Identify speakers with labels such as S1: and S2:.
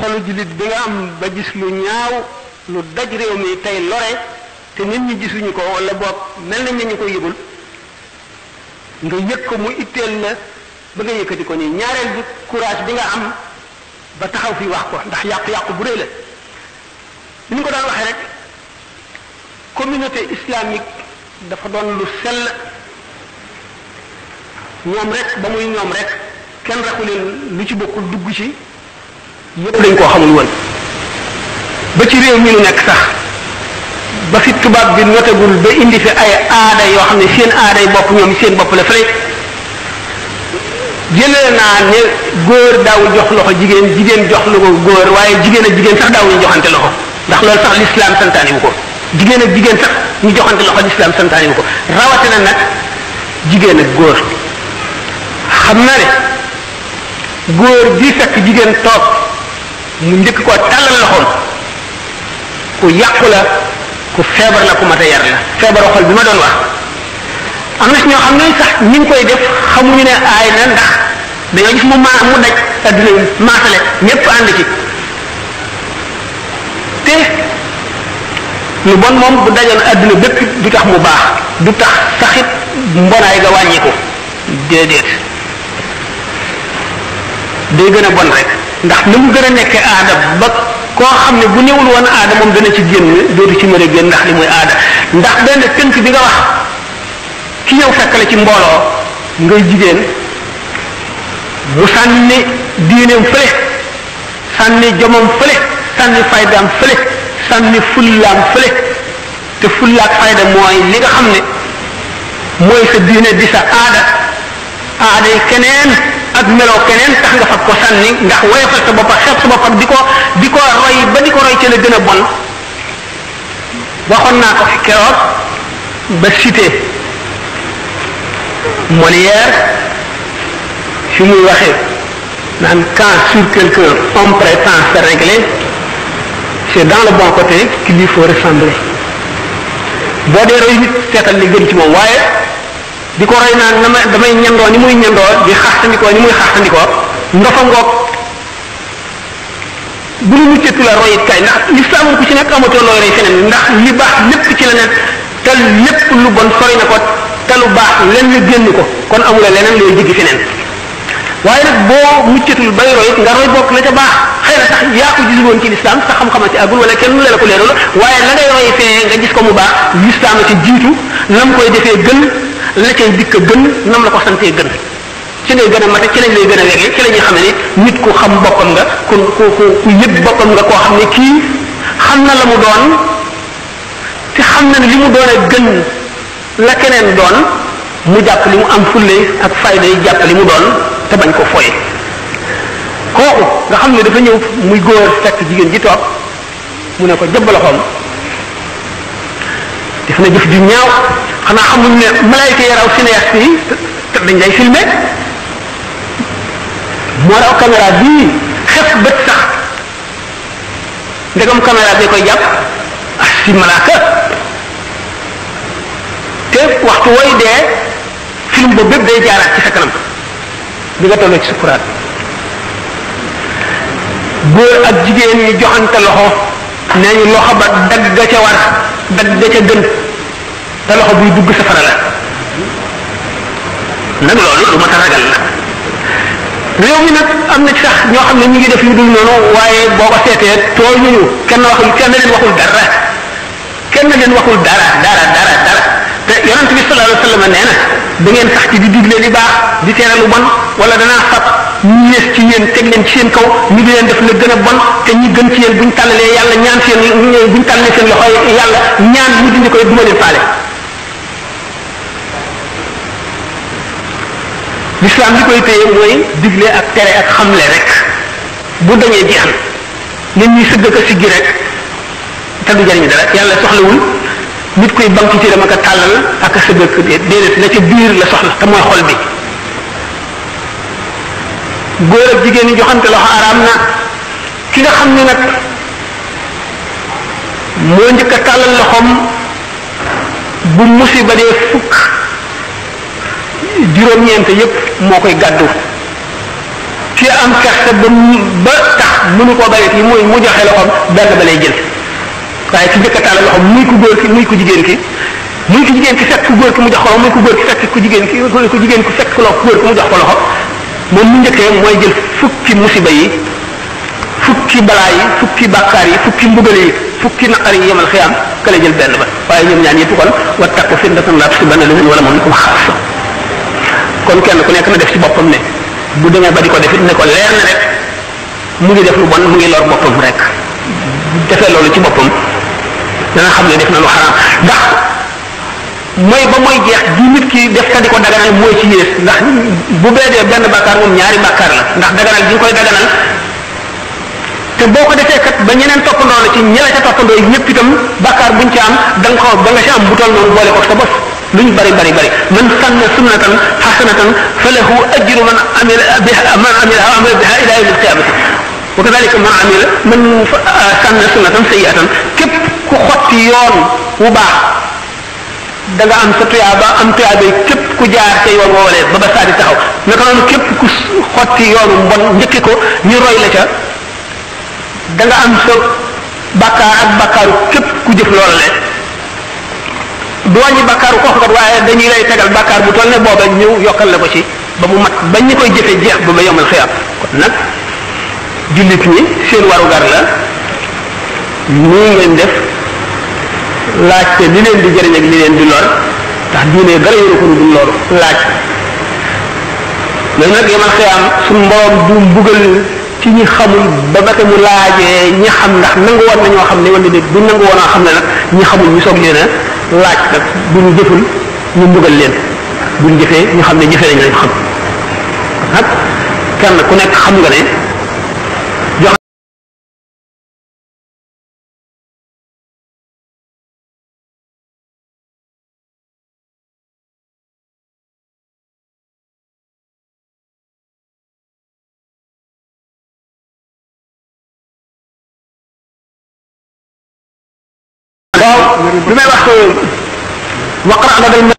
S1: xolu jullit bi nga am ba gis lu ñaaw lu daj réew mi tey lore te nit ñi gisuñu ko walla boog mel nañ ne ñu ko yëgul nga yëg ko mu itteel la ba nga yëkkati ko nii ñaareel bi courage bi nga am ba taxaw fi wax ko ndax yàqu-yàqu bu rëy la ni ñu ko daan waxee rek communauté islamique dafa doon lu sell ñoom rek ba muy ñoom rek kenn raxu lu ci bokkul dugg ci yëpp dañ koo xamul woon ba ci réew mi nu nekk sax ba fi tubaab bi notagul ba indi fi ay aada yoo xam ne seen aaday bopp ñoom seen bopp la fële jëlee naa ne góor daawul jox loxo jigéen jigéen jox lu ko góor waaye jigéen ak jigéen sax daawuñu joxante loxo ndax loolu sax lislaam santaane wu ko jigéen ak jigéen sax ñu joxante loxo lislaam santaane wu ko rawatina nag jigéen ak góor xam na ne góor bi fekk jigéen toog mu njëkk koo tàllal loxoom ku yàqu la ku feebar la ku mat a yar la feebaru xol bi ma doon wax am na si ñoo xam ne sax ñi ngi koy def xamuñu ne aay na ndax dañoo gis mu maa mu daj adduna yi ñépp ànd bon moom bu dajoon adduna bépp du tax mu baax du tax saxit mbonaay ga wàññiku déedéet day gën a bon rek ndax ni mu gën a nekkee aada ba koo xam ne bu newul woon aada moom dana ci génn dootu ci mën a génn ndax li muy aada ndax benn tënk bi nga wax ki ñëw fekk la ci mbooloo ngay jigéen bu sànni diineem fële sànni jomam fële sànni faydaam fële sànni fullaam fële te fullaak fayda mooy li nga xam ne mooy sa diine di sa aada aaday keneen ak melaw keneen tax nga fab ko sànni ndax woyofal sa bopp xeeb sa bopp ak di ko di ko roy ba di ko roy ci la gën a bon waxoon naa ko fi keroog ba cité Molière fi muy waxee naan quand sur quelqu'un on prétend se régler c'est dans le bon côté qu'il lui faut ressembler boo dee roy nit seetal li gën ci moom waaye di ko roy naan na damay ñandoo ni muy ñandoo di xaxtandikoo ni muy xaxtandikoo ndofa ngoog bu ñu muccatu la royit kay ndax lislaam ku ci nekk amatoo looy roy feneen ndax li baax lépp ci la nekk te lépp lu bon sori na ko te lu baax lenn génn ko kon amula leneen looy jiggi feneen waaye nag boo muccatul bay royit nga roy bokk la ca baax xëy na sax yaa ko gisul woon ci lislaam sax xam-xama ci àggul wala kenn lu la ko leerul waaye la ngay roy fee ko mu baax lislaam a ci jiitu lam koy defee la cay dikk gën nam la ko santee gën ci ngay gën a mate ci lañ lay gën a ñuy xam ne nit ku xam boppam nga kon ku ku yëg boppam nga koo xam ne kii xam na la mu doon te xam na ne li mu doon a gën la keneen doon mu jàpp li mu am fulle ak fayda yi jàpp li mu doon te bañ ko foye kooku nga xam ne dafa ñëw muy góor fekk jigéen ji toog mu ne ko jëb loxoom def na jëf ju ñaaw xanaa xamuñ ne malayka yaraw cinéaste yi te dañ lay filmé moo raw caméra bii xef bët sax ndegam caméra bi koy jàpp ah si malaaka te waxtu wooy dee film boobu bépp day jaaraat ci sa kanam bi nga tolloo ci sukuraat góor ak jigéen ñi joxante loxo nee ñu loxo ba dagg ca war dagg ca gën sa loxo buy dugg safara la nag loolu lu ma ta la réew mi nag am na ci sax ñoo xam ne ñu ngi def yu dul noonu waaye boo ko seetee tooy ñu kenn kenn leen waxul kenn leen waxul dara dara dara dara te yonent bi sallallahu alayhi wasallam nee na di baax di tere lu bon wala danaa fab ñu yées ci yéen teg leen ci seen kaw ñu di leen def la gën a bon te ñi gën ci yéen buñ tàllalee yàlla ñaan seen buñ tàllalee seen loxo yàlla ñaan ñu dindi ko du ma leen faale lislaam li koy téye mooy digle ak tere ak xamle rek bu dañee jeex na nit ñi sëgg ak siggi rek te du dara yàlla soxlawul nit koy bank ci dama tàllal ak sëgg ak déedéet la ca biir la soxla te mooy xol bi góor ak jigéen ñi joxante loxo na ki nga xam ne nag moo njëkk a tàllal loxoom bu musiba dee fukk juróom-ñeent yépp moo koy gàddu ki am kersa ba ba tax mënu koo bàyyi yi mooy mu joxe loxoom benn ba lay jël waaye ki njëkk a taal loxoom muy ku góor ki muy ku jigéen ki muy ku jigéen ki fekk ku góor ki mu jox ko loxo ku góor ki fekk ku jigéen ki ku jigéen ki fekk ku loxo ku góor mu jox moom mu njëkkee mooy jël fukki musiba yi fukki balaa yi fukki bàkkaar yi fukki mbugal yi fukki naqar yi yemal xiyaam ka la jël benn ba waaye ñoom ñaan yëpp kon wattaqu fitnatan laa tusiibanna llaziina zalamu minkum xaassa kon kenn ku nekk na def ci boppam ne bu demee ba di ko def it ne ko leer na rek mu ngi def lu bon mu ngi lor boppam rek defee loolu ci boppam danga xam ne def na lu xaraam ndax mooy ba mooy jeex di nit ki def ka di ko daganal mooy ci yées ndax bu beedee benn bàkkaar moom ñaari bàkkaar la ndax daganal gi nga koy daganal te boo ko defee kat ba ñeneen toppandoo la ci ñela ca toppandoo yi ñëpp itam bu buñ ci am da ko ba nga ci am bu toll noonu boole ko sa lu ñu bari bari bari man sanna sunnatan hasanatan falahu ajru man amila biha man amila biha ila yawmil qiyamati wa kadhalika man amila man ah, sanna sunnatan sayyi'atan képp ku xotti yoon wu baax da nga am sa tuyaaba am tuyaaba képp ku jaar ca yoon woowalee ba ba saa di taxaw naka noonu képp ku xotti yoonu mbon njëkki ko ñu roy la ca da nga am sa bakkaar ak bakkaaru képp ku jëf loola le du wàññi bàkkaaru kooku kat waaye dañuy lay tegal bàkkaar bu toll ne booba ñëw yokkal la ko ci ba mu mag bañ ñu koy jëfee jeex ba ba yomal xiyaam kon nag jullit ñi seen warugar la nii leen def laajte li leen di jëriñ ak li leen di lor ndax diine dara yoru ko dul loolu laaj loolu nag yomal xiyaam suñ mboom du mbugal ci ñi xamul ba ba te mu laajee ñi xam ndax nangu woon nañoo xam ne wala déet bu nangu woon xam ne nag ñi xamul ñu soog leen a laaj nag bu ñu jëful ñu mbugal leen bu ñu jëfee ñu xam ne jëfee nañ lañ xam nag kenn ku nekk xam nga ne bi may wax waqra'a dal